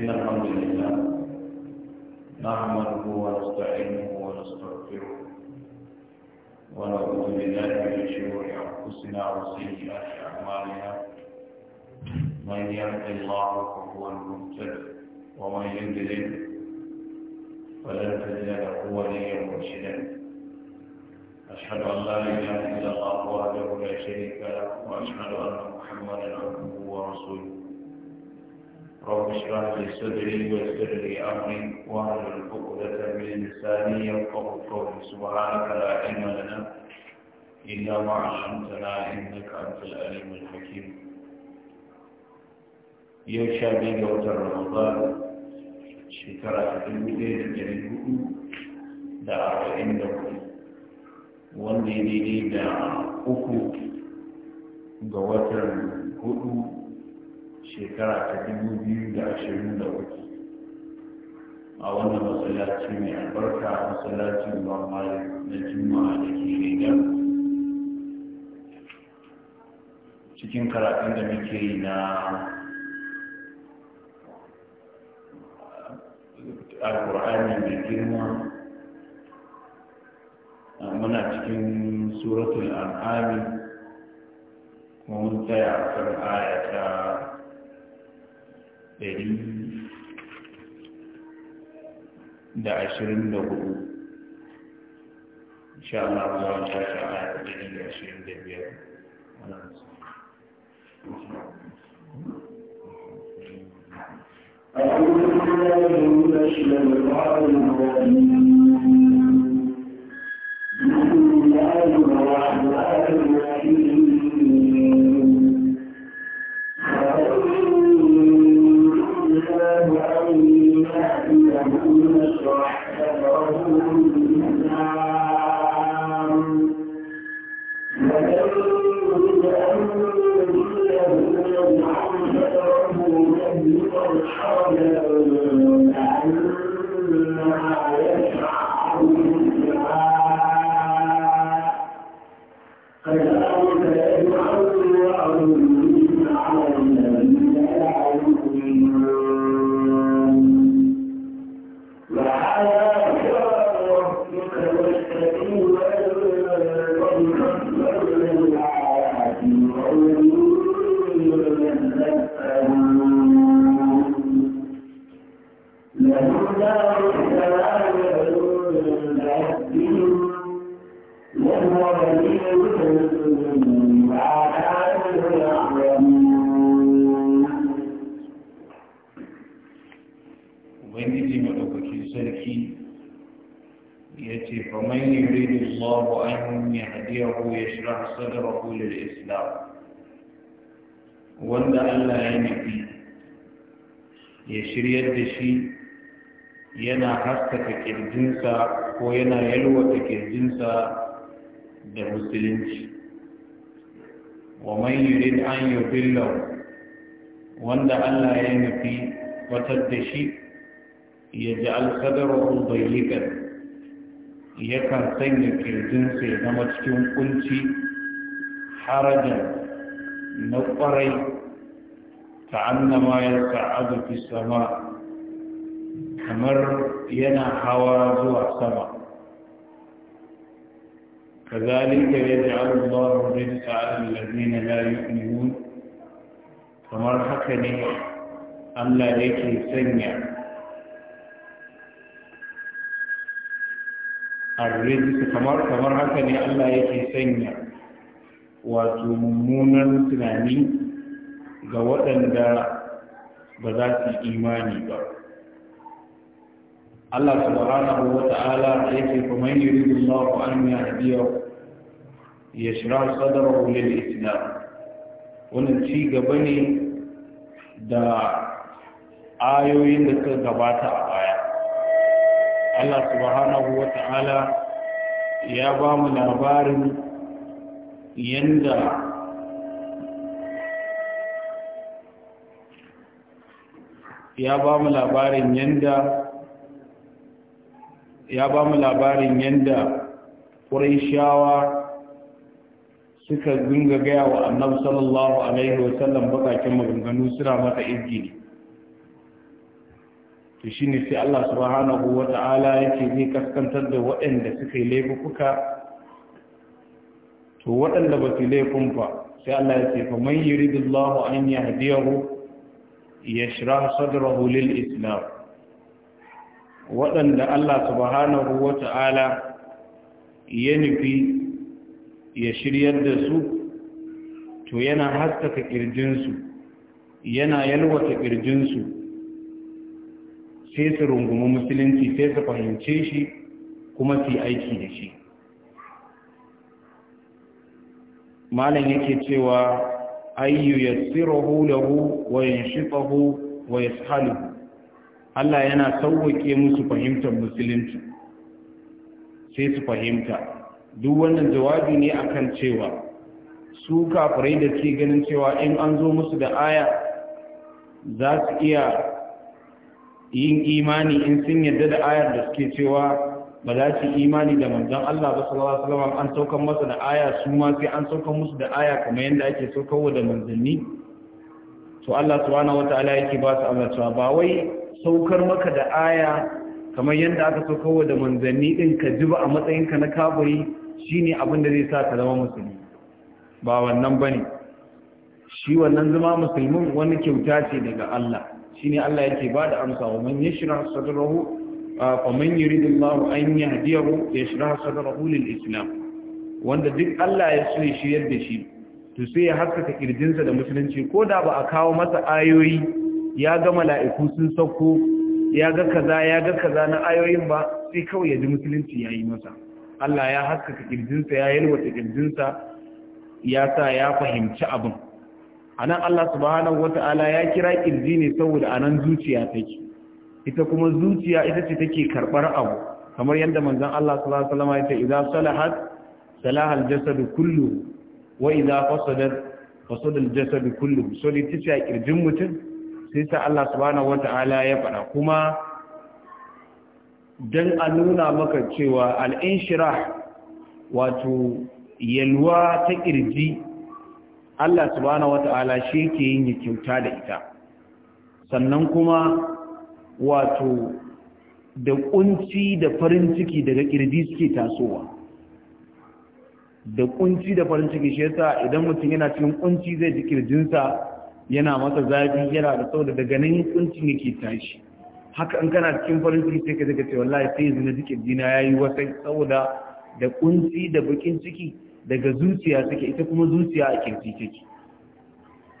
إن الحمد لله نعمله ونستعينه ونستغفره ونعوذ بالله من شرور أنفسنا وسيئات أعمالنا من يهد الله فهو المهتد ومن يضلل فلن تجد له وليا مرشدا أشهد أن لا إله إلا الله وحده لا شريك له وأشهد أن محمدا عبده ورسوله رب اشرح لي صدري ويسر لي امري واحلل عقدة من لساني يفقه قولي سبحانك لا علم لنا الا ما علمتنا انك انت العليم الحكيم يوم شابي قوت رمضان شكرا لله الذي da arba'in da hudu wanda ya daidai da uku ga watan hudu shekara ta dubu biyu da ashirin da uku a wannan masallaci mai albarka masallacin bambari na juma'a da ke rigar cikin karatun da muke yi na alkur'ani mai girma muna cikin suratul al'ami kuma mun tsaya a kan aya ɗari da ashirin da hudu insha Allah za mu tashi a ayar ɗari da ashirin da biyar أعوذ بالله من الشيطان الرجيم بسم الله الرحمن الرحيم يضلون عن wanda Allah ya nufi ya shiryar da shi yana haskaka kirjinsa ko yana yalwata kirjinsa da musulunci wa man yurid an yudillahu wanda Allah ya nufi watar da shi ya ji alkadarar bayyikar yakan sanya kirjinsa ya zama cikin kunci harajan نطري ما يتعد في السماء كمر ينا حواز السماء كذلك يجعل الله رجس على الذين لا يؤمنون كمر حكني أن لا يكي سنع الرجس كمر كمر لا يكي سنع wato mummunan tunani ga waɗanda ba za su imani ba Allah subhanahu wa ta'ala yake kuma yin yuri da an ya hadiya ya shira sadarahu lil islam wannan ci gaba ne da ayoyin da suka gabata a baya Allah subhanahu wa ta'ala ya ba mu labarin yanda ya ba mu labarin yanda ya ba mu labarin yanda ƙuraishawa suka zunga gaya wa annabi sallallahu alaihi wasallam bakakin maganganu suna mata izgini to shine sai Allah subhanahu wata'ala yake zai kaskantar da waɗanda suka yi laifuka to waɗanda ba su laifin fa sai Allah ya ce faman yuridullahu an yahdiyahu yashrah sadrahu lil islam waɗanda Allah subhanahu wata'ala ya nufi ya shiryar da su to yana haskaka kirjinsu yana yalwata ƙirjinsu sai su rungumi musulunci sai su fahimce shi kuma su yi aiki da shi malam yake cewa ayyu yassiruhu lahu wa yanshitahu wa yashaluhu Allah yana sauke musu fahimtar musulunci sai su fahimta duk wannan jawabi ne akan cewa su kafirai da ke ganin cewa in an zo musu da aya za su iya yin imani in sun yarda da ayar da suke cewa ba za su imani da manzon Allah ba sallallahu alaihi wasallam an saukan masa da aya su ma sai an saukan musu da aya kamar yadda ake wa da manzanni to Allah subhanahu wataala yake ba su Allah ba wai saukar maka da aya kamar yadda aka wa da manzanni din ka ji ba a ka na kafiri shine abin da zai sa ka zama musulmi ba wannan bane shi wannan zama musulmin wani kyauta ce daga Allah shine Allah yake ba da amsa wa man yashra sadrahu faman yuridullahu an yahdiyahu yashrah sadrahu lil islam wanda duk Allah ya so ya shiryar da shi to ya haskaka kirjinsa da musulunci ko da ba a kawo masa ayoyi ya ga mala'iku sun sauko ya ga kaza kaza na ayoyin ba sai kawai ya ji musulunci ya yi masa Allah ya haskaka kirjinsa ya yalwata kirjinsa ya sa ya fahimci abin anan Allah subhanahu wata'ala ya kira kirji ne saboda anan zuciya take ita kuma zuciya ita ce take karbar abu kamar yadda manzon Allah sallallahu alaihi wasallam ya ce idza salahat salaha al-jasad kullu wa idza fasadat fasada al-jasad kullu so ne tace a kirjin mutum sai sa Allah subhanahu wataala ya faɗa kuma dan a nuna maka cewa al-inshirah wato yalwa ta kirji Allah subhanahu wata'ala shi yake yin kyauta da ita sannan kuma wato da kunci da farin ciki daga kirji suke tasowa da kunci da farin ciki shi yasa idan mutum yana cikin kunci zai ji kirjinsa yana masa zafi yana da saboda daga nan kuncin yake tashi haka in kana cikin farin ciki sai ka zaka ce wallahi sai yanzu na jikin dina yayi wasai saboda da kunci da bakin ciki daga zuciya suke ita kuma zuciya a kirji take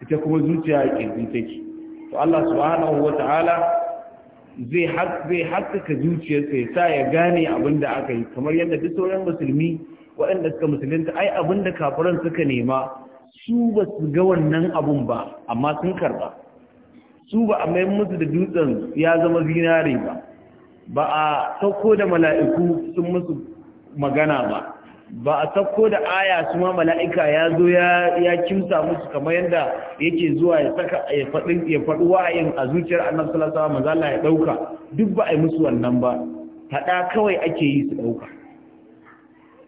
ita kuma zuciya a kirji take to Allah subhanahu ta'ala zai haskaka zuciyarsa ya sa ya gane abin da aka yi kamar yadda duk sauran musulmi waɗanda suka musulunta ai abin da kafiran suka nema su ba su ga wannan abun ba amma sun karɓa. su ba a mai musu da dutsen ya zama zinare ba ba a sauko da mala'iku sun musu magana ba ba a sako da aya su ma mala'ika ya zo ya kimsa musu kamar yadda yake zuwa ya saka a faɗi ya faɗi wa'ayin a zuciyar annabi salasawa mazala ya ɗauka duk ba a yi musu wannan ba haɗa kawai ake yi su ɗauka.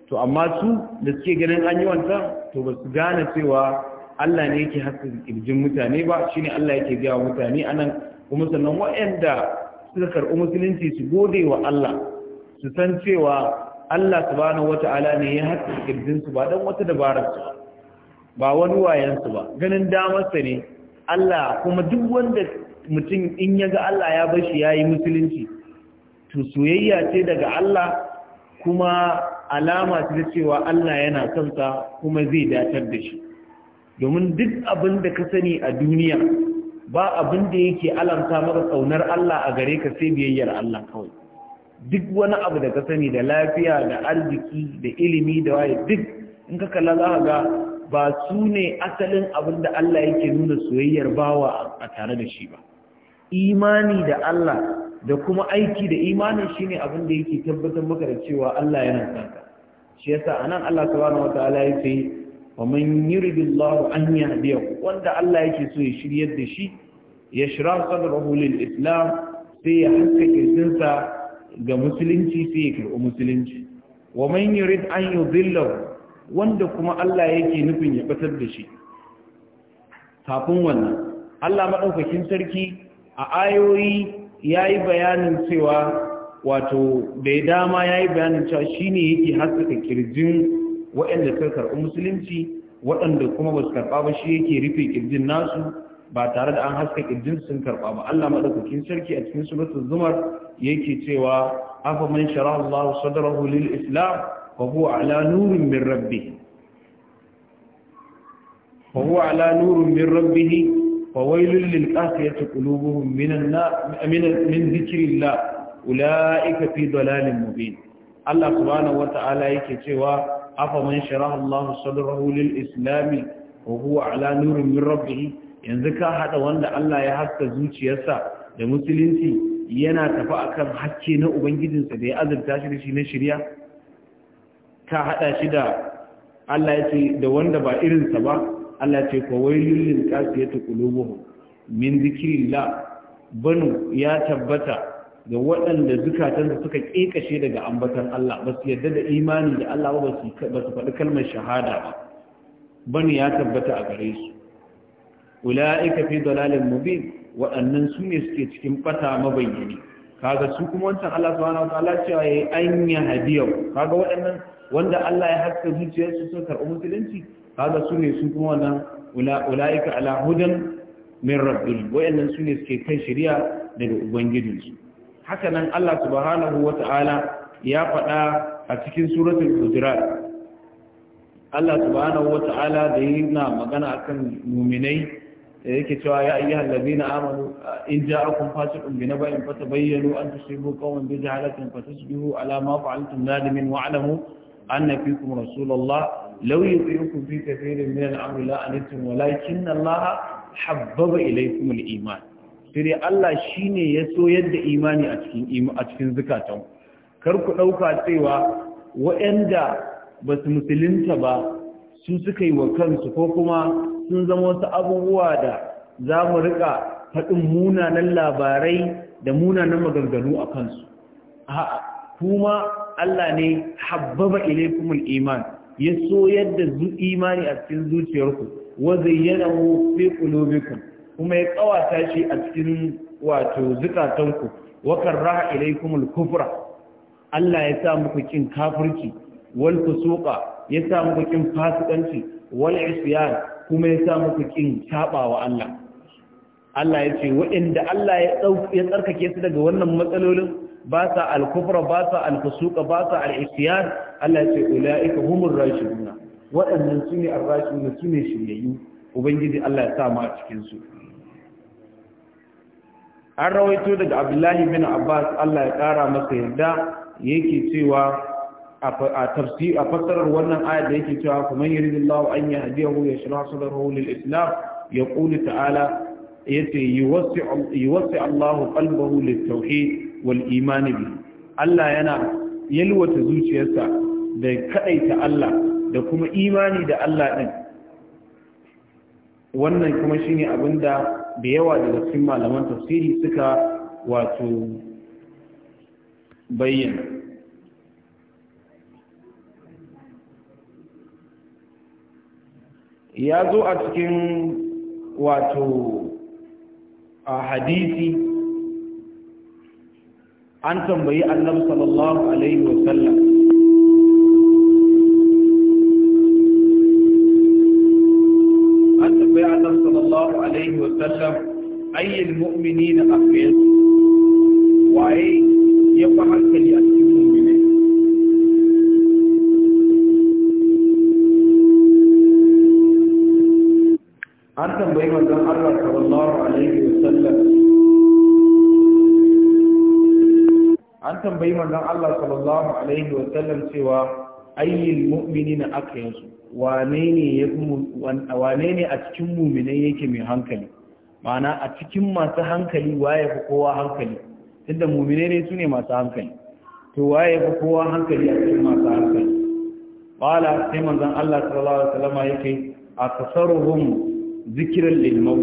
to amma su da suke ganin an yi wanta to ba su gane cewa Allah ne yake haska ƙirjin mutane ba shine Allah yake gaya mutane anan kuma sannan waɗanda suka karɓi musulunci su gode wa Allah su san cewa Allah subhanahu wata'ala ne ya haƙƙi kirjin su ba dan wata dabarar su ba wani wayan su ba ganin damar sa ne Allah kuma duk wanda mutum in ya ga Allah ya bar shi yayi musulunci to soyayya ce daga Allah kuma alama ce da cewa Allah yana son kuma zai datar da shi domin duk abin da ka sani a duniya ba abin da yake alamta maka tsaunar Allah a gare ka sai biyayyar Allah kawai duk wani abu da ka sani da lafiya da arziki da ilimi da waye duk in ka kalla za ga ba su ne asalin abin da Allah yake nuna soyayyar bawa a tare da shi ba imani da Allah da kuma aiki da imanin shine abin da yake tabbatar maka da cewa Allah yana son ka shi yasa anan Allah subhanahu wataala ya ce wa man yuridillahu an yahdiyahu wanda Allah yake so ya shiryar da shi yashrah sadrahu lil islam sai ya haska kirjinsa ga musulunci sai ya karɓi musulunci wa man yurid an yudhillahu wanda kuma Allah yake nufin ya batar da shi kafin wannan Allah madaukakin sarki a ayoyi yayi bayanin cewa wato bai dama yayi bayanin cewa shine yake haskaka kirjin waɗanda suka karɓi musulunci waɗanda kuma ba su karɓa ba shi yake rufe kirjin nasu ba tare da an haska ƙirjin sun karɓa ba Allah madaukakin sarki a cikin suratul zumar yake cewa afa man shara Allah sadrahu lil islam fa huwa ala nurin min rabbih fa huwa ala nurin min rabbih fa wailul lil qasiyati qulubuhum min min min dhikrillah ulaika fi dalalin mubin Allah subhanahu wata'ala yake cewa afa man shara Allah sadrahu lil islam wa huwa ala nurin min rabbih yanzu ka haɗa wanda Allah ya haska zuciyarsa da musulunci yana tafi akan hakke na ubangijinsa da ya azurta shi da shi na shirya ka haɗa shi da Allah ya ce da wanda ba irinsa ba Allah ya ce kawailul lil qasiyati qulubuhum min zikrillah banu ya tabbata ga waɗanda zukatansa suka kekashe daga ambatan Allah ba su yarda da imani da Allah ba su faɗi kalmar shahada ba banu ya tabbata a gare su ula'ika fi dalalin mubin waɗannan su ne suke cikin fata mabayyani kaga su kuma wancan Allah subhanahu wataala cewa yayi anya hadiyau kaga waɗannan wanda Allah ya haska zuciyarsu sun karɓi musulunci kaga su ne su kuma wannan ula'ika ala hudan min rabbil waɗannan su ne suke kan shari'a daga ubangijinsu haka nan Allah subhanahu Ta'ala ya faɗa a cikin suratul hujurat Allah subhanahu Ta'ala da yana magana akan muminai yake cewa ya ayyuhal na amanu in ja'akum fasiqun bi fata bayyano. an tusibu qawman bi jahalatin fatusbihu ala ma fa'altum nadimin wa'lamu anna fikum rasulullah law yuti'ukum fi kathirin min al-amri la anittum walakinna Allah habbaba ilaykum al-iman sai Allah shine ya so yadda imani a cikin a cikin zakatan kar ku ɗauka cewa waɗanda ba su musulunta ba su suka yi wa kansu ko kuma sun zama wasu abubuwa da za mu rika faɗin munanan labarai da munanan maganganu a kansu kuma Allah ne habbaba ilaikumul iman ya so yadda zu imani a cikin zuciyarku wa zayyana mu fi qulubikum kuma ya kawata shi a cikin wato zukatanku wa karaha ilaikumul kufra Allah ya sa muku kin kafirci wal fusuqa ya sa muku kin fasikanci wal isyan kuma ya sa muku kin tabawa Allah Allah ya ce waɗanda Allah ya tsarkake su daga wannan matsalolin ba sa alkufra ba sa alfusuka ba sa al'isiyar Allah ya ce ula'ika humur rashiduna waɗannan su ne rashiduna su ne shiryayyu ubangiji Allah ya sa mu a cikin su an rawaito daga Abdullahi bin Abbas Allah ya ƙara masa yarda yake cewa a tafsir a fassarar wannan ayar da yake cewa kuma yuridullahu an ya yashrah sadrahu lil islam yaqulu ta'ala yace wasu Allahu qalbahu lit tauhid wal iman bi Allah yana yalwata zuciyarsa da kadaita Allah da kuma imani da Allah ɗin. wannan kuma shine abin da yawa daga cikin malaman tafsiri suka wato bayyana ya zo a cikin wato a hadisi an tambayi annabi sallallahu alaihi wa wasallam an tambayi annabi sallallahu alaihi wa wasallam ayyul mu'minina aqwiyat wa ya fa an tambayi manzon Allah sallallahu alaihi wasallam an tambayi manzon Allah sallallahu alaihi wasallam cewa ayyul mu'minina akyansu wane ne ya wane ne a cikin mu'minai yake mai hankali ma'ana a cikin masu hankali waye fa kowa hankali tunda mu'minai ne su ne masu hankali to waye fa kowa hankali a cikin masu hankali qala sai manzon Allah sallallahu alaihi wasallam yake aksaruhum zikiran lilmau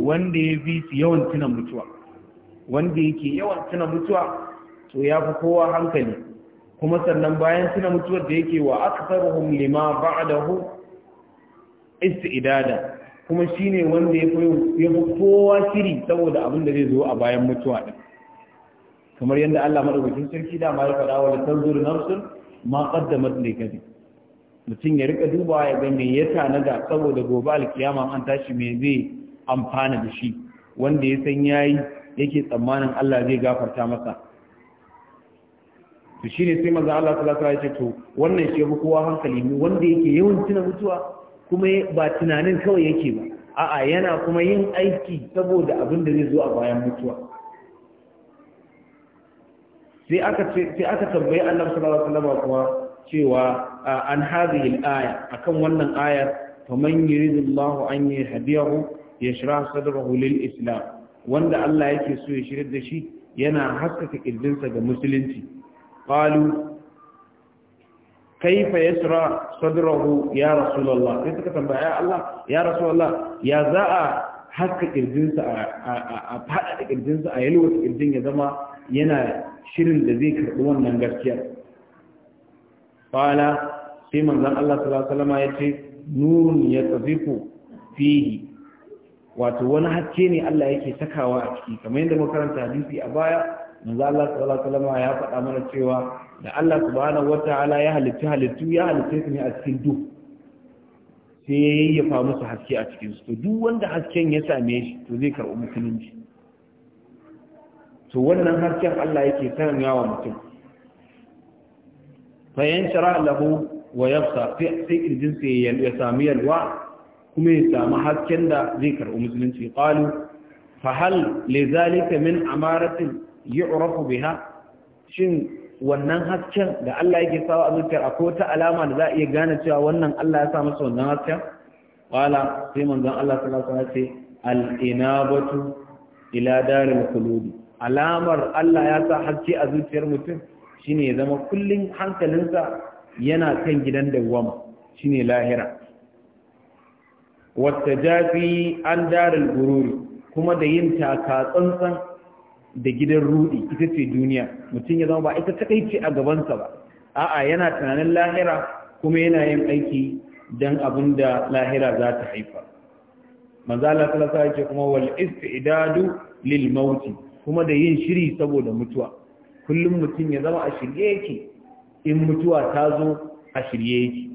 wanda ya bi su yawan tuna mutuwa wanda yake yawan tuna mutuwa to ya fi kowa hankali kuma sannan bayan tuna mutuwar da yake wa aksaruhum lima ba'dahu idada kuma shine wanda ya fi kowa shiri saboda abin da zai zo a bayan mutuwa din kamar yadda Allah madaukakin sarki da ma ya faɗa wa tanzuru nafsun ma qaddamat ya gaji. mutum ya rika dubawa ya ga me ya tanada saboda gobe alkiyama an tashi me zai amfana da shi wanda ya san ya yayi yake tsammanin Allah zai gafarta masa to ne sai maza Allah Ta lasa ya ce to wannan shi kowa hankali ne wanda yake yawan tuna mutuwa kuma ba tunanin kawai yake ba a'a yana kuma yin aiki saboda abin da zai zo a bayan mutuwa sai aka tambayi Allah Ta sallallahu alaihi kuma cewa an hadhihi al-aya akan wannan ayar faman yuridullahu an yahdiyahu yashrah sadrahu lil islam wanda Allah yake so ya shirar da shi yana haskaka kirjinsa ga musulunci qalu kaifa yasra sadrahu ya rasulullah sai suka tambaya Allah ya rasulullah ya za'a a haska kirjinsa a fada da kirjinsa a yalwata kirjin ya zama yana shirin da zai karbi wannan gaskiya qala sai manzan Allah sallallahu alaihi ya ce nurun ya ku fihi wato wani haske ne Allah yake sakawa a ciki kamar yadda muka karanta hadisi a baya manzan Allah sallallahu alaihi ya faɗa mana cewa da Allah subhanahu wataala ya halitta halittu ya halitta su ne a cikin duk sai ya yayyafa musu haske a cikinsu. su to duk wanda hasken ya same shi to zai karɓi musulunci to wannan hasken Allah yake sanyawa mutum fa yanshara lahu wa sai kirjin ya sami yalwa kuma ya sami hasken da zai karɓi musulunci qalu fa hal li zalika min amaratin yu'rafu biha shin wannan hasken da Allah yake sawa a zuciyar akwai wata alama da za a iya gane cewa wannan Allah ya sa masa wannan hasken qala sai manzon Allah sallallahu alaihi wasallam ce al-inabatu ila daril qulubi alamar Allah ya sa haske a zuciyar mutum shine ya zama kullun hankalinsa yana kan gidan dawwama shine lahira wata jafi an darul gururi kuma da yin taka tsantsan da gidan rudi ita ce duniya mutum ya zama ba ita ta ce a gabansa ba a'a yana tunanin lahira kuma yana yin aiki don abin da lahira za ta haifa manzo Allah sallallahu alaihi kuma wal istidadu lil mauti kuma da yin shiri saboda mutuwa kullum mutum ya zama a shirye yake in mutuwa ta zo a shirye yake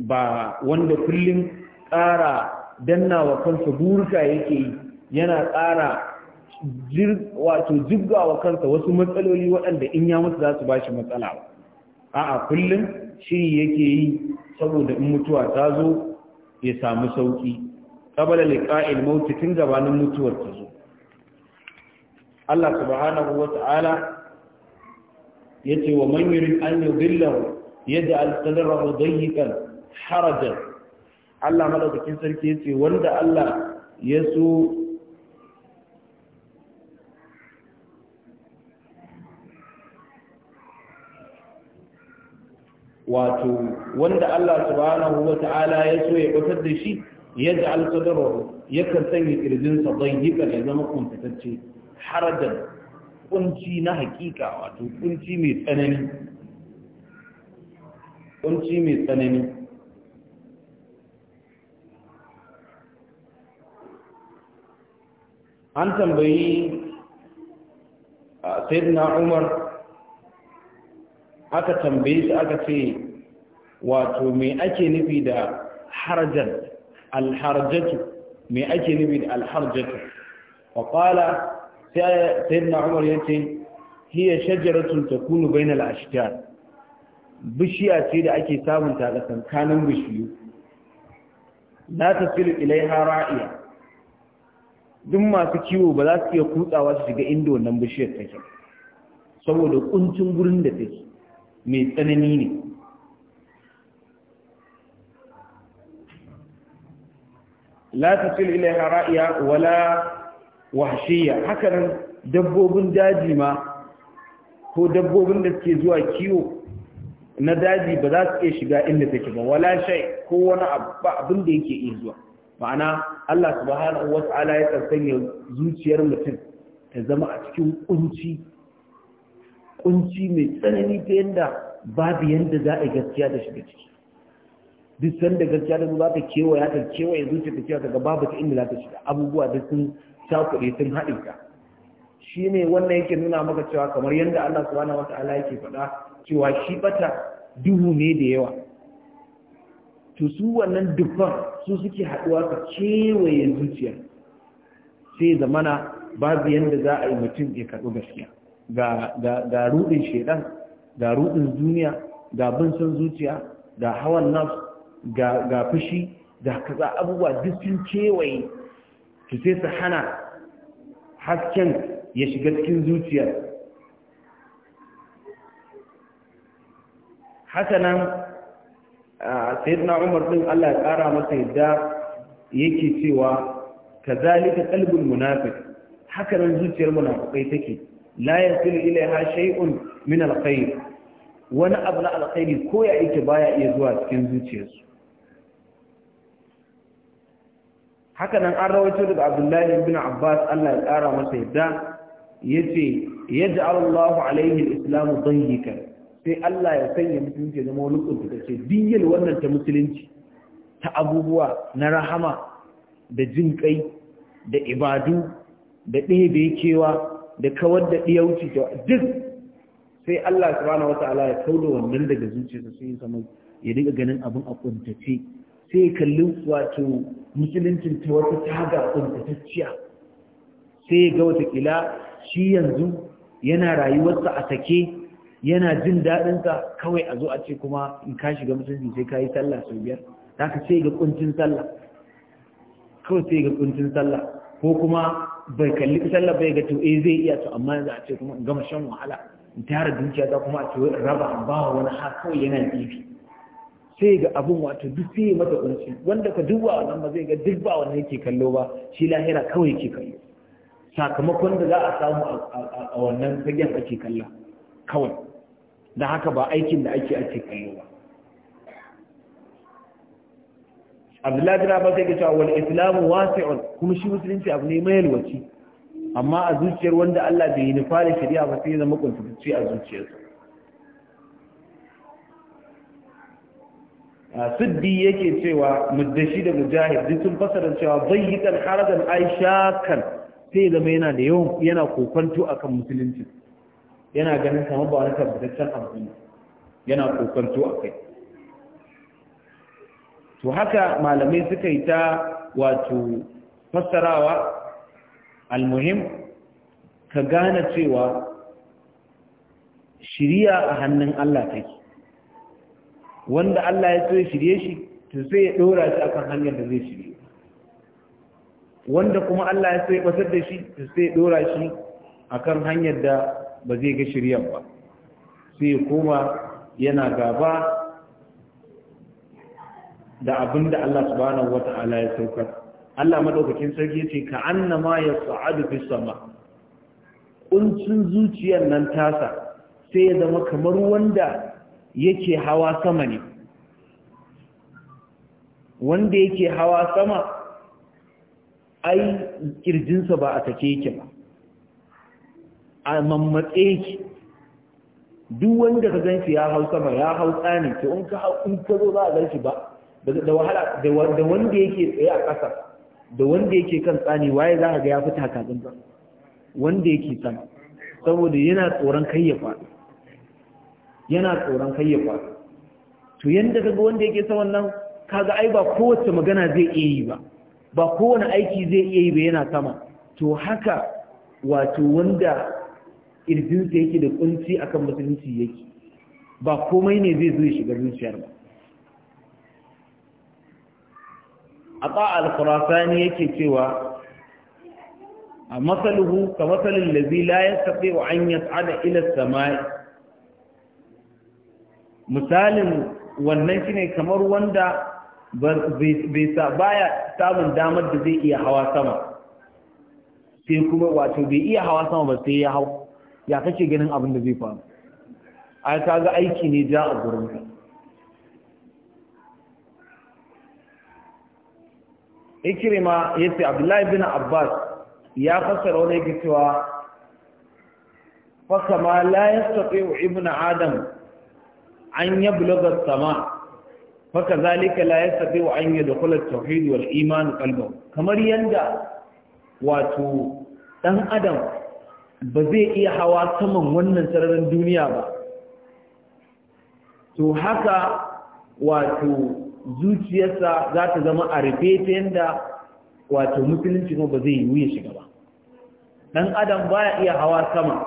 ba wanda kullum ƙara danna wa kansa burka yake yi yana ƙara wato jibga kansa wasu matsaloli waɗanda in ya mutu za su ba shi matsala ba a'a kullum shiri yake yi saboda in mutuwa ta zo ya samu sauƙi. ƙabala liqa'il maut tun gabanin mutuwar ta zo Allah subhanahu ta'ala yace wa man yurid an yudillahu yaj'al sadrahu dayyikan harajan Allah madaukakin sarki yace wanda Allah ya so wato wanda Allah subhanahu wata'ala ya so ya kwatar da shi ya ji alƙadarwa yakan sanya ƙirjinsa don yi ya zama kuntatacce harajan kunci na hakika wato kunci mai tsanani kunci mai tsanani an tambayi a sayyidina umar aka tambaye shi aka ce wato mai ake nufi da harjan alharjatu mai ake nufi da alharjatu wa qala sai sayyidina umar yace hiya shajaratun takunu bainal ashjar bishiya ce da ake samun ta tsakankanin bishiyu la tasilu ilaiha ra'iya duk masu kiwo ba za su iya kutsawa su shiga inda wannan bishiyar take saboda kuncin gurin da take mai tsanani ne la tasilu ilaiha ra'iya wala wahshiya haka nan dabbobin daji ma ko dabbobin da suke zuwa kiwo na daji ba za su iya shiga inda take ba wala shay ko wani abin da yake iya zuwa ma'ana Allah subhanahu wata'ala ya tsantsanya zuciyar mutum ta zama a cikin kunci kunci mai tsanani ta yanda babu yanda za a gaskiya da shiga ciki duk sanda gaskiya da za ta kewaya ta kewaya zuciya ta cewa daga babu ta inda za ta shiga abubuwa da sun cakuɗe sun haɗe ka shi ne wannan yake nuna maka cewa kamar yadda Allah subhanahu wata'ala yake faɗa cewa shi bata duhu ne da yawa to su wannan dukkan su suke haɗuwa ka kewaye zuciya sai zamana babu yadda za a yi mutum ya karɓi gaskiya ga ruɗin shaidan ga ruɗin duniya ga bin son zuciya ga hawan nafs ga fushi da kaza abubuwa duk sun kewaye su sai su hana hasken ya shiga cikin zuciyar hasanan na umar din Allah ya kara masa yadda yake cewa kazalika qalbul munafiq haka nan zuciyar munafikai take la ila ilaiha shay'un min alkhair wani abu na alkhairi ko ya yake baya iya zuwa cikin zuciyarsu haka nan an rawaito daga abdullahi ibn abbas allah ya ƙara masa yadda ya ce yadda allahu alaihi islamu dayyika sai allah ya sanya musulunci zama wani kuntuka ce diyyar wannan ta musulunci ta abubuwa na rahama da jin kai da ibadu da ɗebe kewa da kawar da ɗiyauci da duk sai Allah subhanahu wata'ala ya kauda wannan daga zuciyarsa sai ya ya dinga ganin abin a kuntace sai ya kalli wato musuluncin ta wata taga kuntatacciya sai ya ga watakila shi yanzu yana rayuwarsa a sake yana jin daɗinsa kawai a zo a ce kuma in ka shiga musulunci sai ka yi sallah sau biyar za ka sai ga kuncin sallah kawai sai ga kuncin sallah ko kuma bai kalli sallah bai ga to eh zai iya to amma yanzu a ce kuma in gama shan wahala in tara dukiya za kuma a ce raba ba wani har kawai yana kifi sai ga abun wato duk sai mata kunci wanda ka duba wannan ba zai ga duk ba wannan yake kallo ba shi lahira kawai yake kallo sakamakon da za a samu a wannan fagen ake kalla kawai da haka ba aikin da ake ake kallo ba abdullahi bin abbas yake cewa wal islamu wasi'un kuma shi musulunci abu ne mai yalwaci amma a zuciyar wanda Allah bai yi nufa da shari'a ba sai ya zama kuntuci a zuciyarsa siddi yake cewa muddashi da mujahid duk sun fasara cewa zayyikan haradan aisha kan sai zama yana da yawan yana kokonto akan musulunci yana ganin sa ba wani tabbataccen abu ne yana kokonto akai to haka malamai suka yi ta wato fassarawa almuhim ka gane cewa shiriya a hannun Allah take wanda Allah ya so ya shirye shi to sai ya dora shi akan hanyar da zai shirye wanda kuma Allah ya so ya basar da shi to sai ya dora shi akan hanyar da ba zai ga shiryan ba sai ya koma yana gaba da abin da Allah subhanahu wata'ala ya sauka. Allah madaukakin sarki yace ka annama ya sa'adu bis sama kuncin zuciyar nan tasa sai ya zama kamar wanda yake hawa sama ne wanda yake hawa sama ai kirjinsa ba a take yake ba a mammatse yake duk wanda ka ganshi ya hau sama ya hau tsani to in ka in ka zo za a ganshi ba da wahala da wanda yake tsaye a ƙasa da wanda yake kan tsani waye za ka ga ya fita kakazin ba wanda yake sama saboda yana tsoron kai ya faɗi yana tsoron kai ya kwasa. to yanda kaga wanda yake sa wannan kaga ai ba kowace magana zai iya yi ba ba kowane aiki zai iya yi ba yana sama to haka wato wanda sa yake da kunci akan musulunci yake ba komai ne zai zo ya shiga zuciyar ba ata al-khurasani yake cewa a masaluhu ka masalin lazi la yastati an yas'ada ila samai misalin wannan shine kamar wanda baya samun damar da zai iya hawa sama sai kuma wato bai iya hawa sama ba sai ya hau ya kake ganin abin da zai faru ai ga aiki ne ja a ma ikirima ce abdullahi bin abbas ya fassara wani yake cewa fasa ma la yastati ibnu adam an yablaga sama fa zalika la sabi wa an yadkhula tauhid wal iman qalbahu kamar yanda wato dan adam ba zai iya hawa saman wannan sararin duniya ba to haka wato zuciyarsa za ta zama a rufe ta yanda wato musulunci ba zai yi ya shiga ba Ɗan adam baya iya hawa sama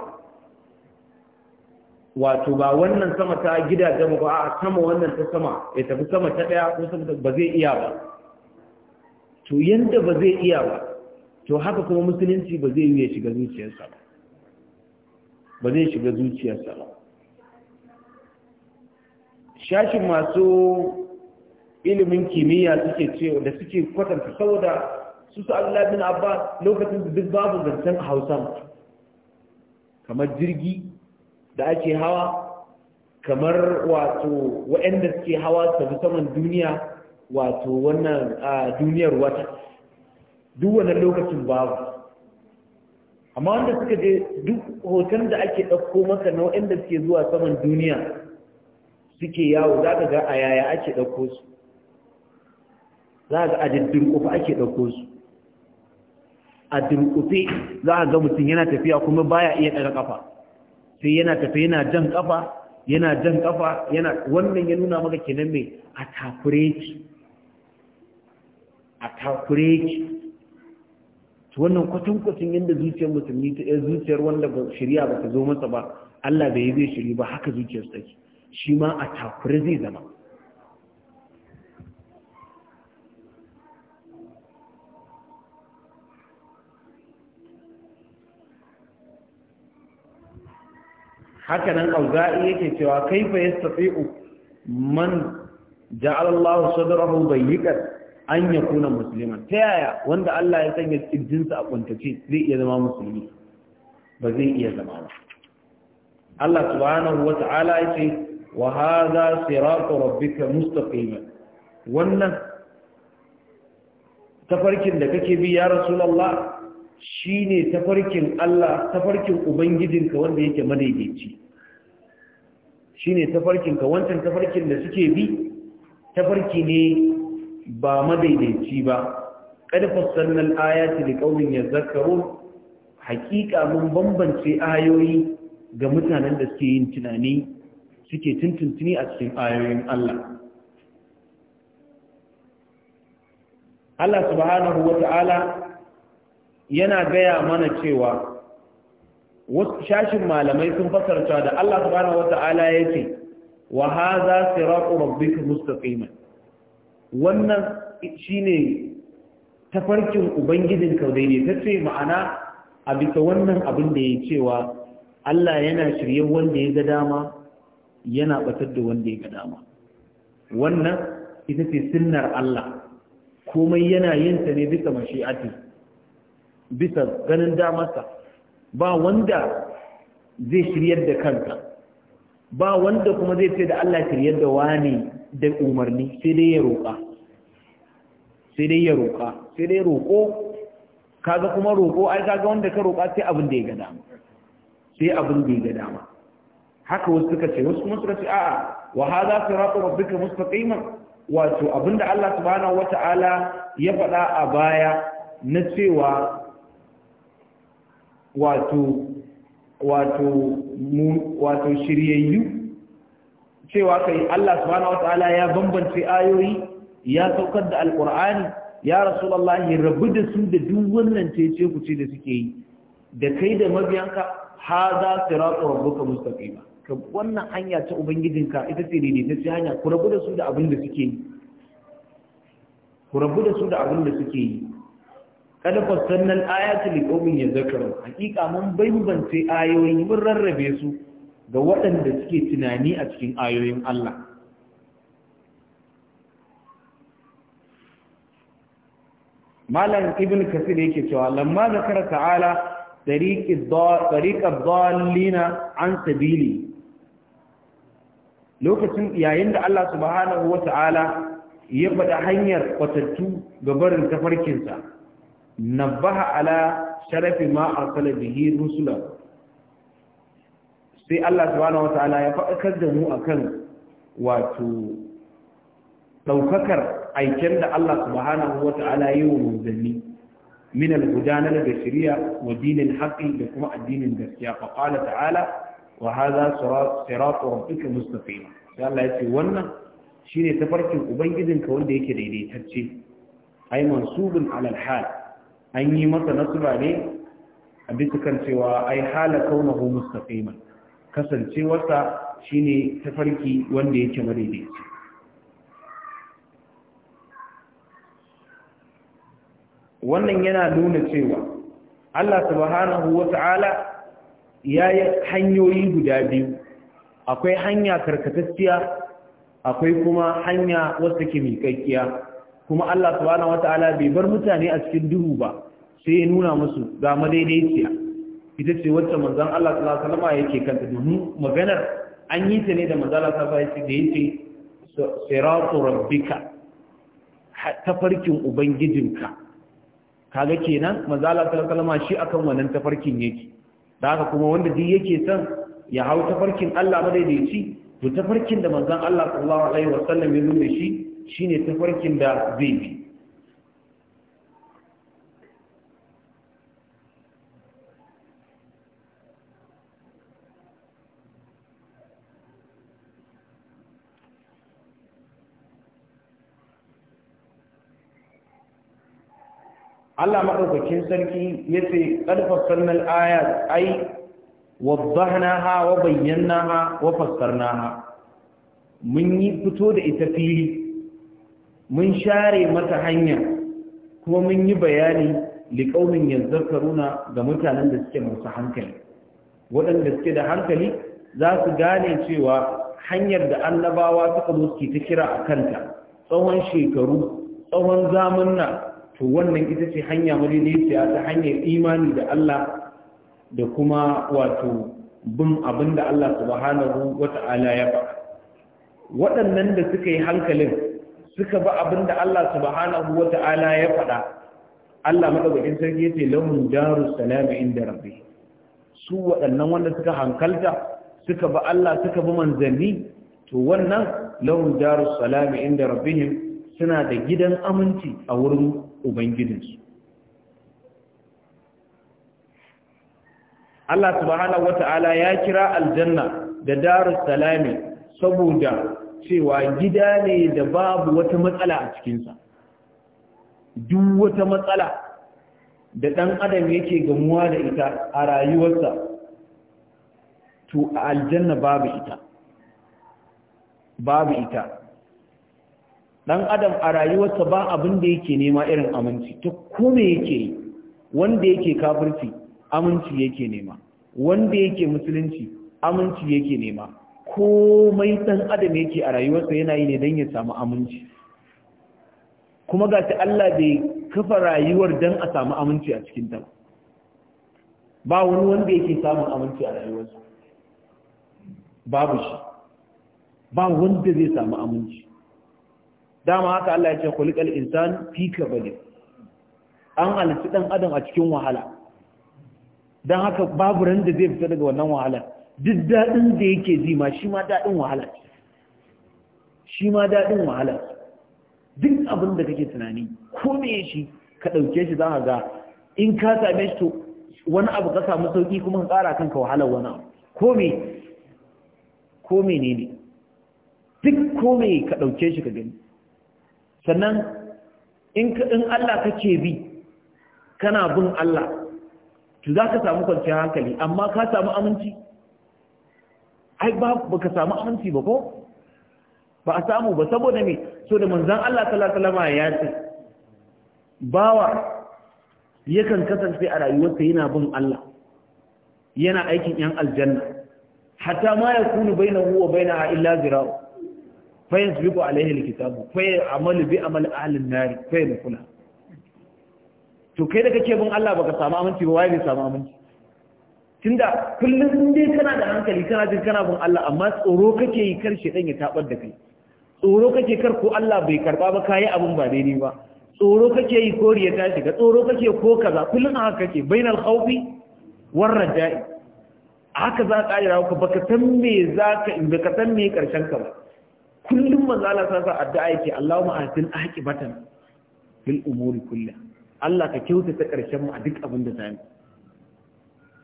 wato ba wannan sama ta gidajen ba a sama wannan ta sama ya tafi sama ta ɗaya ko sama ba zai iya ba to yanda ba zai iya ba to haka kuma musulunci ba zai iya ya shiga zuciyarsa ba ba zai shiga zuciyarsa ba shashin masu ilimin kimiyya suke cewa da suke kwatanta saboda su su Allah bin Abba lokacin da duk babu zancen Hausa kamar jirgi da ake hawa kamar wato waɗanda suke hawa su saman duniya wato wannan duniyar wata duk wannan lokacin babu amma wanda suka je duk hoton da ake ɗauko maka na waɗanda suke zuwa saman duniya suke yawo za ka ga a yaya ake ɗauko su za ga a dirkufa ake ɗauko su a dirkufe za a ga mutum yana tafiya kuma baya iya ɗaga ƙafa sai yana tafi yana jan kafa yana jan kafa yana wannan ya nuna maka kenan mai a takure ki a takure ki to wannan kwatun kwatun yanda zuciyar musulmi ta eh, zuciyar wanda ba shari'a ba ta zo masa ba Allah bai yi zai shiri ba haka zuciyar take shi ma a takure zai zama haka nan auza'i yake cewa kaifa yastati'u man ja'ala Allahu sadrahu dayyiqan an kuna musliman ta yaya wanda Allah ya sanya kirjinsa a kwantace zai iya zama musulmi ba zai iya zama ba Allah subhanahu wata'ala ya ce wa hadha siratu rabbika mustaqima wannan tafarkin da kake bi ya rasulullah shi ne tafarkin Allah tafarkin Ubangijinka wanda yake madaidaici shi ne tafarkinka wancan tafarkin da suke bi tafarki ne ba madaidaici ba ƙarfar sannan ayati da ƙaunin ya zakaru hakika mun bambance ayoyi ga mutanen da suke yin tunani suke tuntuntuni a cikin ayoyin Allah Allah subhanahu wa ta'ala yana gaya mana cewa shashin malamai sun fasarta da Allah subhanahu wata'ala yake wa hadha siratu rabbika mustaqiman wannan shine tafarkin ubangijinka daidaitacce ma'ana a bisa wannan abin da ya cewa Allah yana shirye wanda ya ga dama yana batar da wanda ya ga dama wannan ita ce sunnar Allah komai yana yin ta ne bisa mashi'ati bisa ganin damarsa ba wanda zai shiryar da kanta ba wanda kuma zai ce da Allah shiryar da wani da umarni sai dai ya roƙa sai dai ya roƙa sai dai roƙo kaga kuma roƙo ai kaga wanda ka roƙa sai abin da ya ga dama sai abin da ya ga dama haka wasu suka ce wasu kuma suka ce a'a wa hadha siratu rabbika mustaqiman wato abinda Allah subhanahu wata'ala ya faɗa a baya na cewa wato wato mu wato shiryayyu cewa kai Allah subhanahu wataala ya bambance ayoyi ya saukar da alqur'ani ya rasulullahi rabu da su da duk wannan cece ku ce da suke yi da kai da mabiyanka hada siratu rabbuka mustaqima ka wannan hanya ta ubangijinka ita ce ne ta ce hanya ku rabu da su da abin da suke yi ku rabu da su da abin da suke yi kada fassannan ayatul ya zakaru hakika mun bambance ayoyi mun rarrabe su ga waɗanda suke tunani a cikin ayoyin Allah malam ibn kasir yake cewa lamma zakara ta'ala tariqid dallina an sabili lokacin yayin da Allah subhanahu wata'ala ya faɗa hanyar kwatattu ga barin tafarkinsa nabbaha ala sharafi ma arsala bihi rusula sai Allah subhanahu wata'ala ya faɗakar da mu akan wato daukakar aiken da Allah subhanahu wata'ala yi wa manzanni min al-gudanar da shari'a wa dinin haqqi da kuma addinin gaskiya fa qala ta'ala wa hadha siratu rabbika mustaqim sai Allah ya ce wannan shine tafarkin ubangijinka wanda yake daidaitacce ay mansubun ala al-hal an yi masa nasura ne a bisa kan cewa ai hala kaunahu mustaqiman kasancewarsa shine tafarki wanda yake madaidaici wannan yana nuna cewa Allah subhanahu wata'ala ya yi hanyoyi guda biyu akwai hanya karkatacciya akwai kuma hanya wasu ke miƙaƙƙiya kuma Allah subhanahu wataala bai bar mutane a cikin duhu ba sai ya nuna musu ga madaidaiciya ita ce wacce manzon Allah sallallahu alaihi wasallam yake kanta domin maganar an yi ta ne da manzon Allah sallallahu alaihi wasallam yake siratu rabbika tafarkin ubangijinka kaga kenan manzon Allah sallallahu alaihi wasallam shi akan wannan tafarkin yake da haka kuma wanda duk yake son ya hau tafarkin Allah madaidaici to tafarkin da manzon Allah sallallahu alaihi wasallam ya nuna da shi shine tafarkin da zai bi Allah maɗaukakin sarki ya ce ƙarfasar na ayat ai wabbahna ha wa bayyana ha wa fassarna ha mun yi fito da ita fili mun share mata hanya kuma mun yi bayani liƙaunin yanzu ga mutanen da suke masu hankali waɗanda suke da hankali za su gane cewa hanyar da annabawa suka zo suke ta kira a kanta tsawon shekaru tsawon na to wannan ita ce hanya madaidaiciya ta hanyar imani da Allah da kuma wato bin abin da Allah subhanahu wata'ala ya faɗa waɗannan da suka yi hankalin suka ba abin da Allah subhanahu wa ta'ala ya faɗa Allah madaukakin sarki yace lahum jaru salama inda rabbi su waɗannan wanda suka hankalta suka ba Allah suka bi manzanni to wannan lahum jaru salama inda rabbihim suna da gidan aminci a wurin ubangijinsu Allah subhanahu ta'ala ya kira aljanna da darus salami saboda cewa gida ne da babu wata matsala a cikinsa duk wata matsala da ɗan adam yake gamuwa da ita a rayuwarsa to a aljanna babu ita babu ita ɗan adam a rayuwarsa ba abin da yake nema irin aminci ta kome yake wanda yake kafirci aminci yake nema wanda yake musulunci aminci yake nema komai ɗan adam yake a rayuwarsa yana yi ne don ya samu aminci kuma ga ta Allah bai kafa rayuwar don a samu aminci a cikin ta ba wani wanda yake samun aminci a rayuwarsa babu shi ba wanda zai samu aminci dama haka Allah ya ce kulikal insan fi kabali an halittu dan adam a cikin wahala dan haka babu ran da zai fita daga wannan wahala duk daɗin da yake zi ma shi ma daɗin wahala shi ma daɗin wahala duk abin da kake tunani ko me shi ka ɗauke shi za ka ga in ka same shi to wani abu ka samu sauƙi kuma ka ƙara kanka wahalar wani abu ko me ko ne ne duk ko me ka ɗauke shi ka gani sannan in Allah kake bi kana bin Allah to za ka samu kwanciyar hankali amma ka samu aminci ai ba baka samu aminci ba ko ba a samu ba saboda me so da manzon Allah sallallahu alaihi wasallam ya ce bawa yakan kasance a rayuwarsa yana bin Allah yana aikin yan aljanna hatta ma ya yakunu bainahu wa bainaha illa zira'u fa yasbiqu alaihi alkitabu fa ya'malu bi amali ahli an-nar fa yadkhula to kai da kake bin Allah baka samu aminci ba wai bai samu aminci tunda kullum in dai kana da hankali kana jin kana bin Allah amma tsoro kake yi kar dan ya tabar da kai tsoro kake kar ko Allah bai karba ba kai abin ba daidai ba tsoro kake yi ko riya ta shiga tsoro kake ko kaza kullum a haka kake bainal khawfi war raja'i haka za ka yi ka baka san me zaka in baka san me karshen ka ba kullum manzo Allah sa sa addu'a yake Allahumma atin aqibatan fil umuri kulliha Allah ka kyautata karshen mu a duk abin da zamu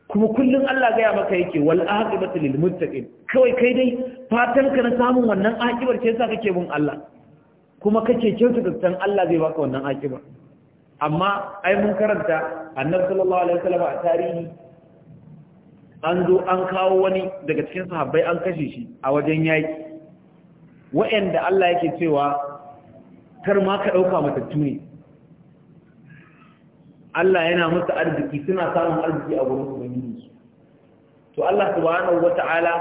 kuma kullum Allah gaya maka yake wal aqibatu lil muttaqin kawai kai dai fatan ka na samun wannan aqibar ce yasa kake bin Allah kuma kake kyautata san Allah zai baka wannan aqibar amma ai mun karanta annabi sallallahu alaihi wasallam a tarihi an zo an kawo wani daga cikin sahabbai an kashe shi a wajen yaki wa'anda Allah yake cewa kar ma ka dauka matattu ne Allah yana musu arziki suna samun arziki a gurin ubangiji to Allah subhanahu wata'ala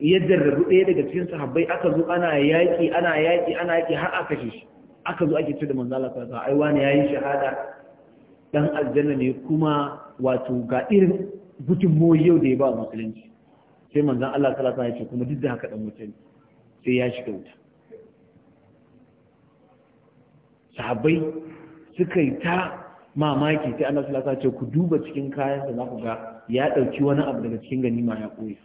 ya jarrabu ɗaya daga cikin sahabbai aka zo ana yaƙi ana yaƙi ana yaƙi har aka shi aka zo ake ce da manzo Allah sallallahu alaihi wasallam yayi shahada dan aljanna ne kuma wato ga irin mu yau da ya ba musulunci sai manzon Allah sallallahu alaihi wasallam ya ce kuma duk da haka dan mutum sai ya shiga wuta sahabbai suka yi ta mamaki sai Allah sallallahu alaihi ce ku duba cikin kayan da za ku ga ya dauki wani abu daga cikin ganima ya koyi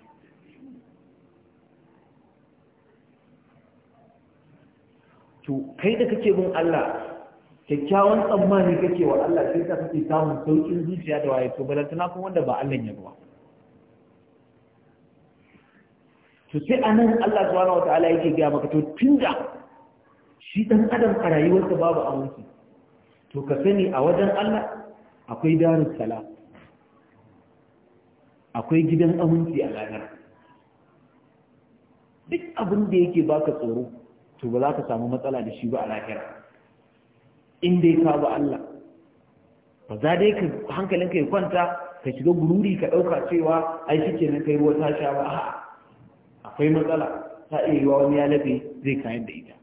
to kai da kake bin Allah kyakkyawan tsammani kake wa Allah sai ka kake samun saukin zuciya da waye to balantana kun wanda ba Allah ya ba to sai anan Allah subhanahu wataala yake ga maka to tunda shi dan adam a rayuwarsa babu aminci to ka sani a wajen Allah akwai darin sala, akwai gidan aminci a ranar duk abin da yake baka tsoro to ba za ka samu matsala da shi ba a lahira in dai ka ba Allah ba za dai ka hankalinka ya kwanta ka shiga gururi ka ɗauka cewa aiki ke na kai wata sha ba a akwai matsala ta iya wa wani ya labe zai kayan da ita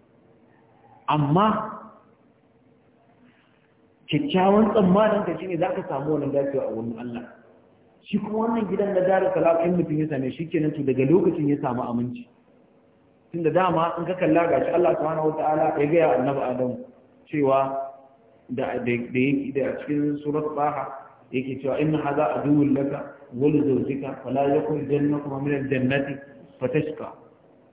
amma kyakkyawan tsammanin ka shine zaka samu wannan dacewa a wurin Allah shi kuma wannan gidan na zara salat in mutum ya same shi kenan to daga lokacin ya samu aminci tunda dama in ka kalla gashi Allah subhanahu wataala ya ga annabi Adam cewa da da da cikin surat Taha yake cewa inna hadha aduwwun laka wa li zawjika fala yakun jannatukum min al-jannati fatashqa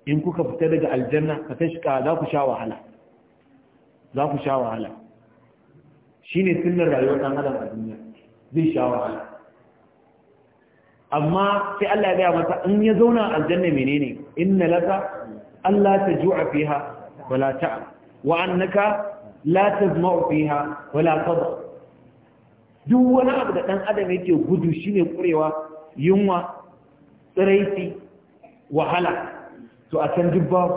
in kuka fita daga aljanna fatashqa za ku sha wahala za ku sha wahala Shi ne sunnar rayuwar ɗan adam a duniya zai sha wahala amma sai Allah ya gaya masa in ya zauna aljanna menene In na laka Allah ta ju'a fiha wala ta'a wa annaka la tazma'u fiha wala tadha duk wani abu da ɗan adam yake gudu shine kurewa yunwa tsiraiti wahala to a can duk babu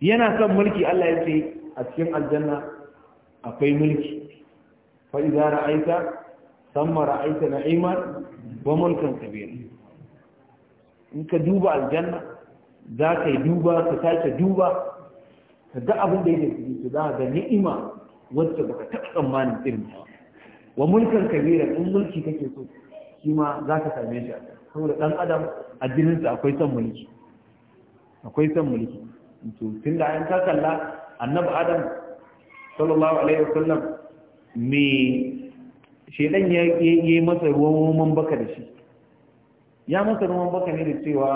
yana son mulki Allah ya ce a cikin aljanna akwai mulki fa idza ra'aita thumma ra'aita na'iman wa mulkan kabir in ka duba aljanna za ka duba ka sake duba ka ga abin da yake ciki za ka ga ni'ima wacce baka taɓa tsammanin irin ta wa mulkan kabira in mulki kake so shi ma za ka same shi saboda ɗan adam a jininsa akwai son mulki akwai son mulki to tun da an ka annabi adam sallallahu alaihi wasallam me shedan ya yi masa ruwan baka da shi ya masa ruwan baka ne da cewa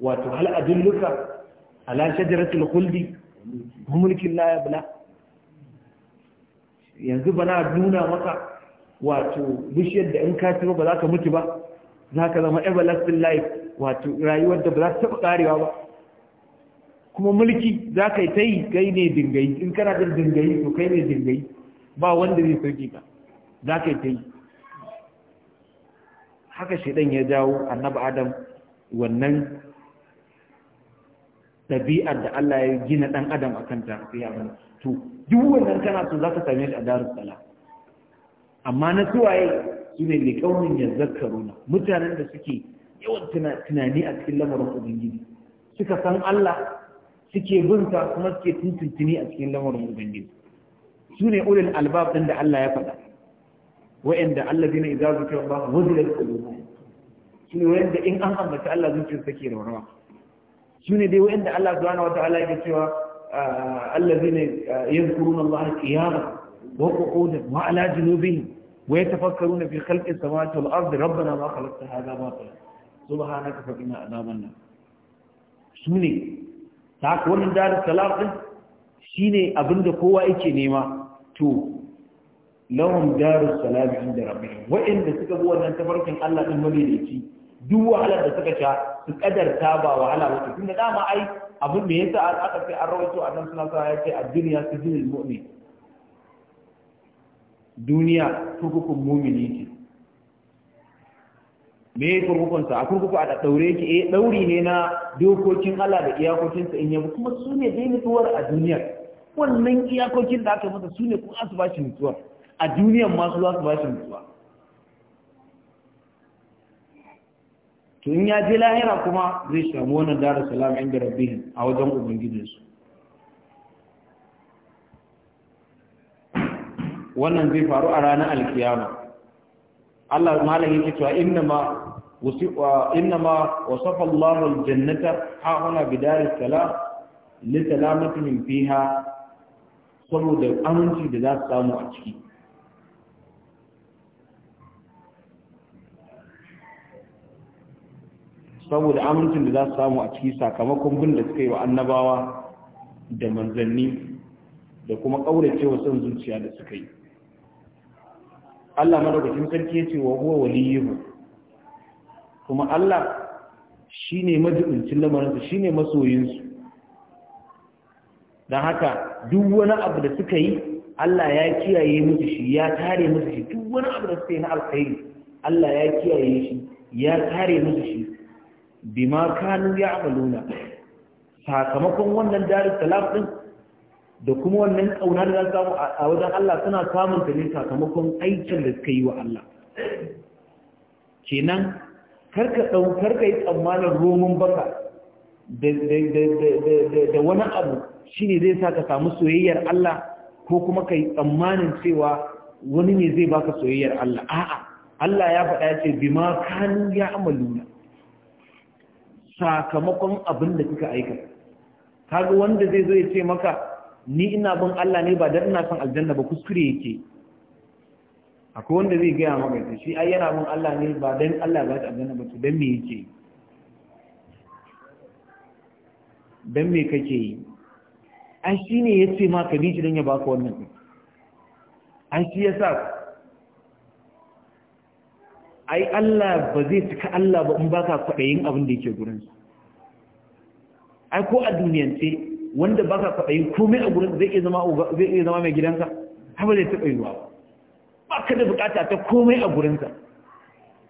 wato hal adulluka ala shajaratul khuldi mulkin la yabla yanzu bana nuna maka wato bishiyar da in ka ci ba za ka mutu ba za ka zama everlasting life wato rayuwar da ba za ta taɓa ƙarewa ba kuma mulki za ka yi ta yi kai ne dingayi in kana da dingayi to kai ne dingayi ba wanda zai sauki ka za ka yi ta yi haka shaidan ya jawo annabi adam wannan ɗabi'ar da Allah ya gina ɗan adam a kanta ya abin to duk wannan kana so za ka same shi a darus sala amma na suwaye su ne da kaunin ya zakaruna mutanen da suke yawan tunani a cikin lamarin ubangiji suka san Allah suke bin ta kuma suke tuntuntuni a cikin lamarin ubangiji su ne ulul albab din da Allah ya faɗa wa'anda allazina idza zikra ba wazilat qulubuhum su ne wa'anda in an ambata Allah zuciyar take rawa su ne dai wa'anda Allah subhanahu wataala yake cewa Allah allazina ah, yadhkuruna Allah qiyaman wa qu'udan wa ala junubihim ويتفكرون في خلق السماوات والأرض ربنا ما خلقت هذا باطلا سبحانك فقنا عذاب Su ne. ta haka wannan dar salam din shine abinda kowa yake nema to lahum darus salam da rabbihim wa'inda suka bi wannan tafarkin Allah din madaidaici duk wahalar da suka sha su kadarta ba wahala wato tunda dama ai abin da yasa aka sai an rawaito a sallallahu alaihi wasallam ya ce ad su sijilul mu'min duniya kurkukun mumini ce me kurkukunsa a kurkuku a ɗaɗɗaure ki eh ɗauri ne na dokokin Allah da iyakokinsa in yabu kuma su ne dai mutuwar a duniyar wannan iyakokin da aka masa su ne kuma su ba shi mutuwar a duniyar ma su za su ba shi mutuwa to in ya je lahira kuma zai samu wannan darar salam inda rabbihin a wajen ubangijinsu wannan zai faru a ranar alkiyama Allah malam yake cewa inna ma إنما وصف الله الجنة ها هنا بدار السلام لسلامتهم فيها saboda aminci da za su samu a ciki saboda amincin da za su samu a ciki sakamakon bin da suka yi wa annabawa da manzanni da kuma ƙaurace son zuciya da suka yi Allah madaukakin sarki ce wa huwa waliyuhu kuma Allah shine majibincin lamarin su shine masoyin su dan haka duk wani abu da suka yi Allah ya kiyaye musu shi ya tare musu shi duk wani abu da suka yi na alkhairi Allah ya kiyaye shi ya tare musu shi bima kanu ya'maluna sakamakon wannan darus din da kuma wannan kauna da za su samu a wajen Allah suna samun ta ne sakamakon aikin da suka yi wa Allah kenan karka ka yi tsammanin roman baka da wani abu shi ne zai sa ka samu soyayyar Allah ko kuma ka yi tsammanin cewa wani ne zai baka soyayyar Allah a'a Allah ya faɗa ya ce bima kanu ya amaluna sakamakon abin da kuka aikata kaga wanda zai zo ya ce maka ni ina bin Allah ne ba dan ina son aljanna ba kuskure yake akwai wanda zai gaya maka ta shi ai yana bin Allah ne ba dan Allah ba ta aljanna ba to dan me yake dan me kake yi an shi ne ya ce ma ka bi dan don ya baka wannan an shi ya sa ai Allah ba zai cika Allah ba in baka kwaɗayin abin da yake gurinsu ai ko a duniyance wanda ba ka komai a gurin zai iya zama zai iya zama mai gidansa? haɓar ba zai taɓa yiwa ba ka da bukata ta komai a gurinsa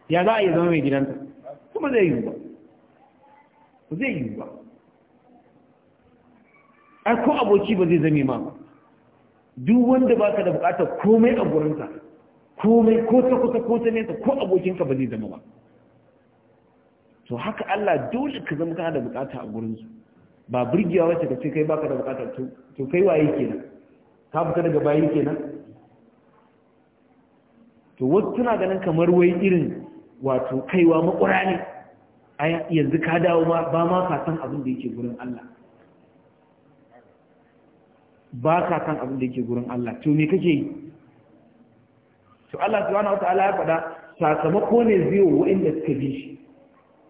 ya za a iya zama mai gidansa? kuma zai yi ba zai yi ba ai ko aboki ba zai zame ma duk wanda ka da buƙata komai a gurinsa komai ko ta kusa ko ta nesa ko abokinka ba zai zama ba to haka Allah dole ka zama kana da bukata a gurinsu ba burgewa wacce ka ce kai baka da bukatar to kai waye kenan ka fita daga bayi kenan to wasu suna ganin kamar wai irin wato kaiwa makura ne yanzu ka dawo ba ma ka san abin da yake gurin Allah ba ka san abin da yake gurin Allah to me kake yi to Allah subhanahu wataala ya faɗa sakamako ne zai wo inda suka bi shi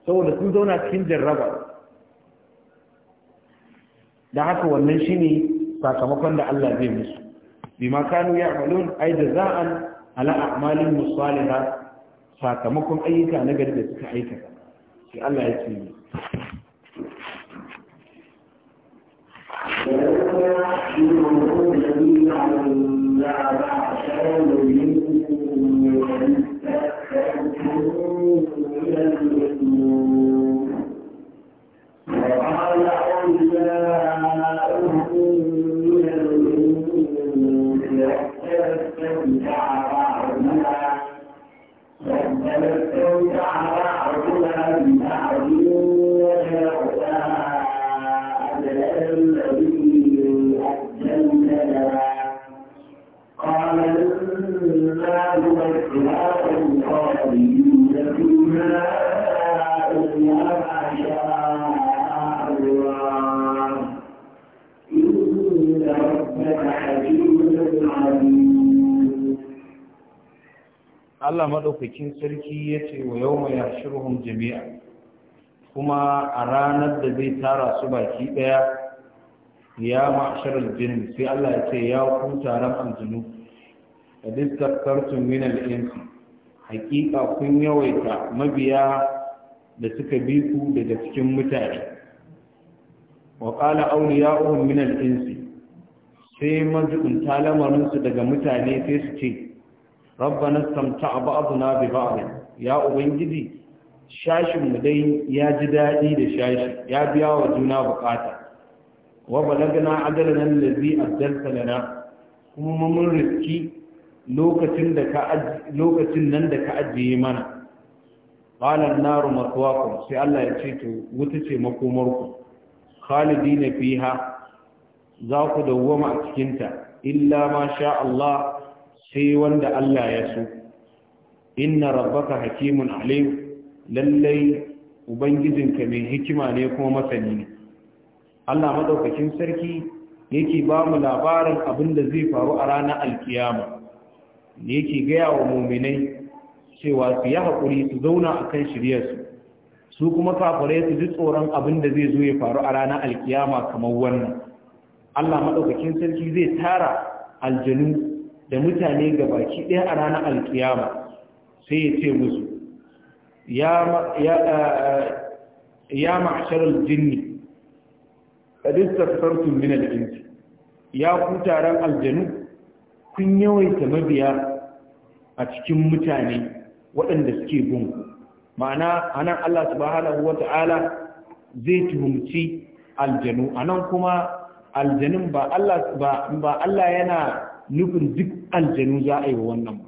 saboda sun zauna cikin jarraba da haka wannan shine sakamakon da Allah zai musu bi ma kanu ya'malun ay jaza'an ala a'malin musaliha sakamakon ayyuka na gari da suka aikata shi Allah ya ce Thank you. Allah maɗaukakin sarki yace wa yau mai ashirin jami'a kuma a ranar da zai tara su baki ɗaya, ya ma'asharar jinn sai Allah ya ce ya ku taron aljinu kadistakkartum min al-insi hakika kun yawaita mabiya da suka bi ku daga cikin mutane wa qala awliya'uhum min al-insi sai mazukunta lamarinsu daga mutane sai su ce rabbana samta'a ba'duna bi ba'd ya ubangiji Shashinmu mu dai ya ji daɗi da shashi ya biya wa juna bukata wa balagna adalana allazi addalta lana kuma mun riski lokacin nan da ka ajiye mana qala an-naru maswaakum sai Allah ya ce to wuta ce makomarku khalidina fiha za ku dawwama a cikinta illa ma sha Allah sai wanda Allah ya so inna rabbaka hakimun alim lallai ka mai hikima ne kuma masani ne Allah madaukakin sarki yake ba mu labarin abin da zai faru a ranar alkiyama yake gaya wa muminai cewa su yi haƙuri su zauna a kan shiryarsu su kuma kafare su ji tsoron abin da zai zo ya faru a ranar alkiyama kamar wannan Allah maɗaukakin sarki zai tara aljanu da mutane ga baki ɗaya a ranar alkiyama sai ya ce musu ya ma'asharar jinni ƙadistar sartun min ya ku taron aljanu kun yawaita mabiya a cikin mutane waɗanda suke gunku ma'ana a nan allah subhanahu wa ta'ala zai tuhumci aljanu a nan kuma aljanin ba allah yana nufin duk aljanu za a yi wa wannan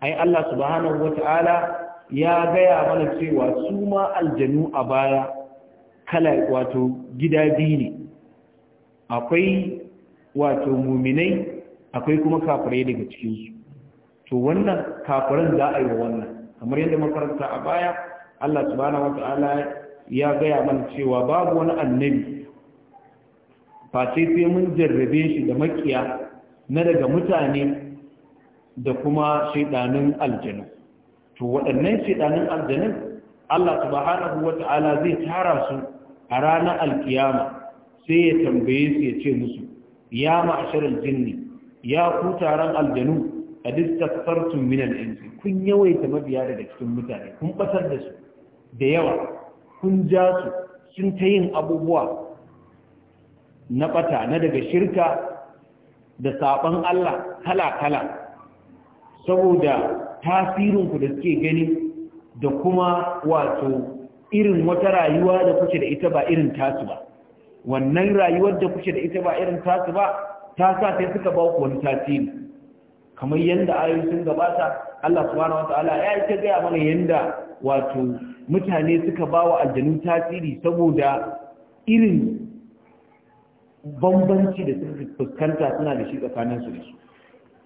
ai Allah subhanahu wata'ala ya gaya mana cewa su ma aljanu a baya kala wato gida biyu ne akwai wato muminai akwai kuma kafirai daga cikinsu to wannan kafiran za a yi wa wannan kamar yadda makaranta a baya Allah subhanahu wata'ala ya gaya mana cewa babu wani annabi fasai sai mun jarrabe shi da makiya na daga mutane da kuma shaidanin aljanu to waɗannan shaidanin aljanun Allah subhanahu ta'ala, zai tara su a ranar alkiyama sai ya tambaye su ya ce musu ya ma'asharar jinni ya ku taron aljanu a distakfartun minan insi kun yawaita mabiya daga cikin mutane kun batar da su da yawa kun ja su sun ta yin abubuwa na ɓata, na daga shirka da saɓon Allah kala-kala saboda tasirinku da suke gani da kuma wato irin wata rayuwa da kuke da ita ba irin tasu ba wannan rayuwar da kuke da ita ba irin tasu ba ta sa sai suka ba ku wani tasiri kamar yadda ayoyi sun gabata Allah subhanahu wataala ya yi ta gaya mana yadda wato mutane suka ba wa aljanu tasiri saboda irin bambanci da suka fuskanta suna da shi tsakanin su da su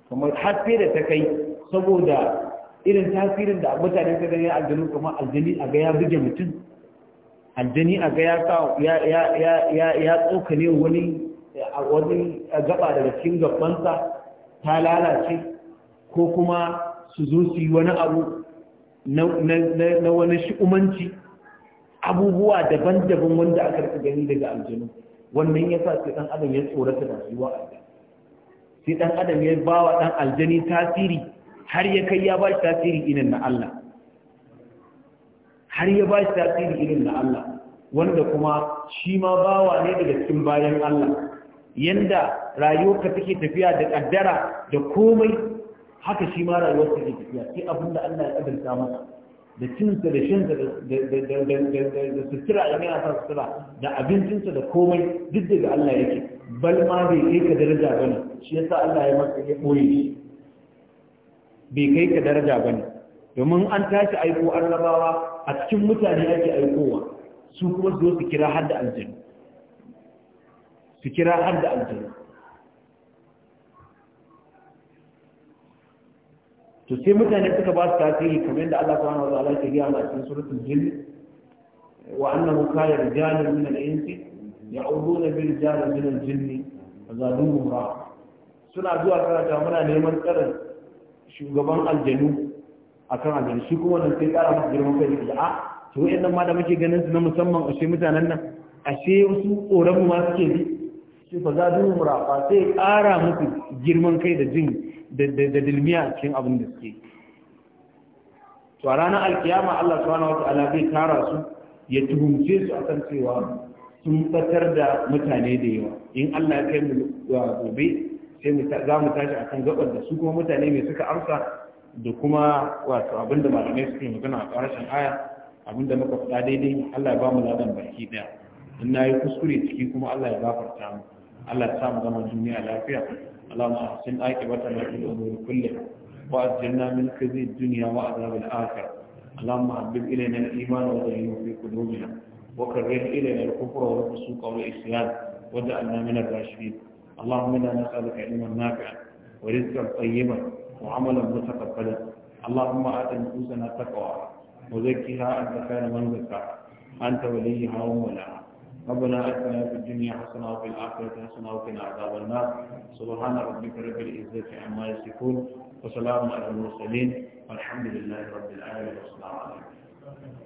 kamar har da ta kai saboda irin tasirin da mutane ta gani aljanu kamar aljani a ga ya buge mutum aljani a ga ya tsokane wani a wani gaba daga cikin gabansa ta lalace ko kuma su zo su yi wani abu na wani shi'umanci abubuwa daban-daban wanda aka rika gani daga aljanu wannan ya sa sai ɗan adam ya tsorata da rayuwa a sai ɗan adam ya ba wa ɗan aljani tasiri har ya kai ya ba shi tasiri irin na Allah har ya ba shi tasiri irin na Allah wanda kuma shi ma bawa ne daga cikin bayan Allah yanda rayuwarka take tafiya da ƙaddara da komai haka shi ma rayuwarka take tafiya sai da Allah ya kaddara masa da cinsa da shansa da sutura a yana sa sutura da abincinsa da komai duk daga Allah yake bal ma bai kai ka daraja bane shi yasa Allah ya maka ya boye shi bai kai ka daraja bane domin an tashi aiko annabawa a cikin mutane ake aikowa su kuma zo su kira har da aljanu su kira har da aljanu to sai mutane suka ba su tasiri kamar da Allah subhanahu wa ta'ala ke gaya a cikin suratul jinn wa annahu kana rijalun min al-insi ya'uduna bi rijalin min al-jinn fazaduhum ra suna zuwa karata muna neman tsarin shugaban aljanu akan aljanu shi kuma nan sai kara masa girman kai da a to wayannan ma da muke ganin su na musamman ashe mutanen nan ashe wasu tsoron mu ma suke bi shi fa za duhun murafa? sai ƙara musu girman kai da jin da dilmiya a cikin abin da suke to a ranar alkiyama Allah subhanahu wa ta'ala zai tara su ya tuhumce su akan cewa sun fatar da mutane da yawa in Allah ya kai mu gobe sai za mu tashi akan gabar da su kuma mutane mai suka amsa da kuma wato abinda malamai suke magana a ƙarshen aya abinda muka faɗa daidai Allah ya ba mu ladan baki daya in na yi kuskure ciki kuma Allah ya gafarta mu Allah ya samu zaman duniya lafiya Allahumma ahsin aiki wa tana ila umuri kullin wa ajjalna min kazi dunya wa azab al akhir Allahumma habib ilayna al iman wa zayyin fi qulubina wa karrih ilayna al kufra wa fusuq wa isyan wa ja'alna min al rashidin Allahumma inna nas'aluka ilman nafi'an wa rizqan tayyiban wa 'amalan mutaqabbalan Allahumma na nufusana taqwa wa zakkiha anta khayru man zakkaha anta waliyyuha wa mawlaha ربنا اتنا في الدنيا حسنه وفي الاخره حسنه وقنا عذاب النار سبحان ربك رب العزه عما يصفون وسلام على المرسلين والحمد لله رب العالمين والسلام عليكم